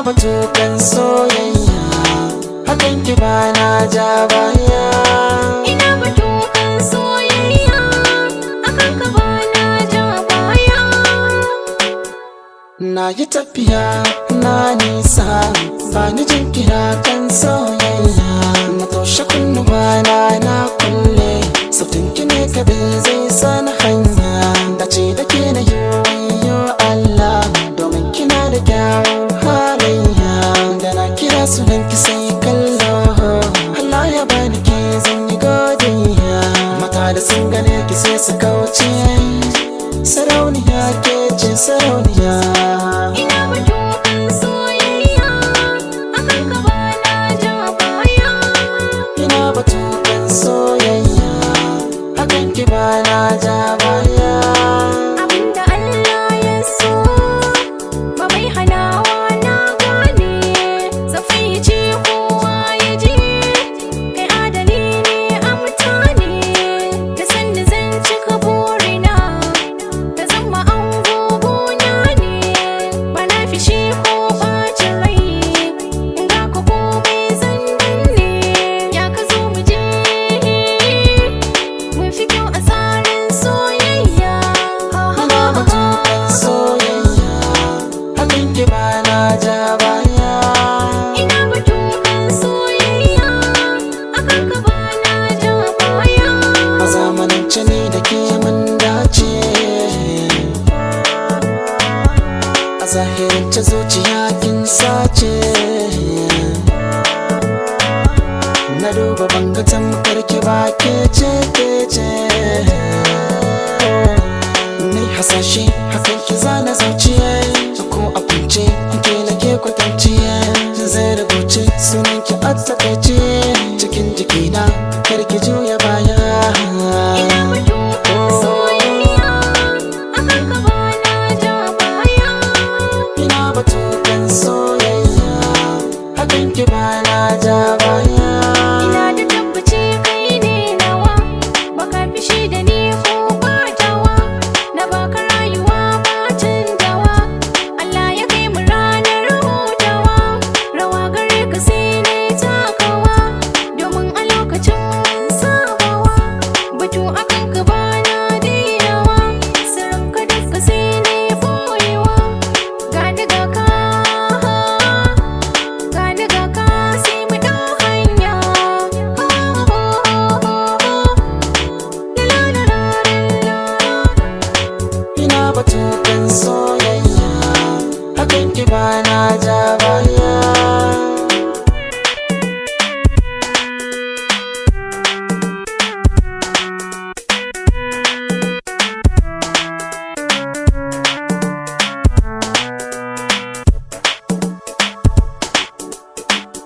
matukan soyayya hakan ki ba na ja baya ina matukan soyayya hakan ka ba na ja baya na yi tafiya na nisa ba ni jin kira kan soyayya na toshe kunnuwa na na kulle sautin ki ne bi zai san hanya da ce da ke na yi Allah domin kina da kyawun na sunan ki sai kallo Allah ya bani ki zan yi ya, mata da sun gane ki sai su kauce sarauniya ke ce sarauniya zahirance zuciya kin sace na duba banga tamkar ba ke ce ke ce ni hasashe hakan ki zana zuciya akan soyayya akan ki na ja baya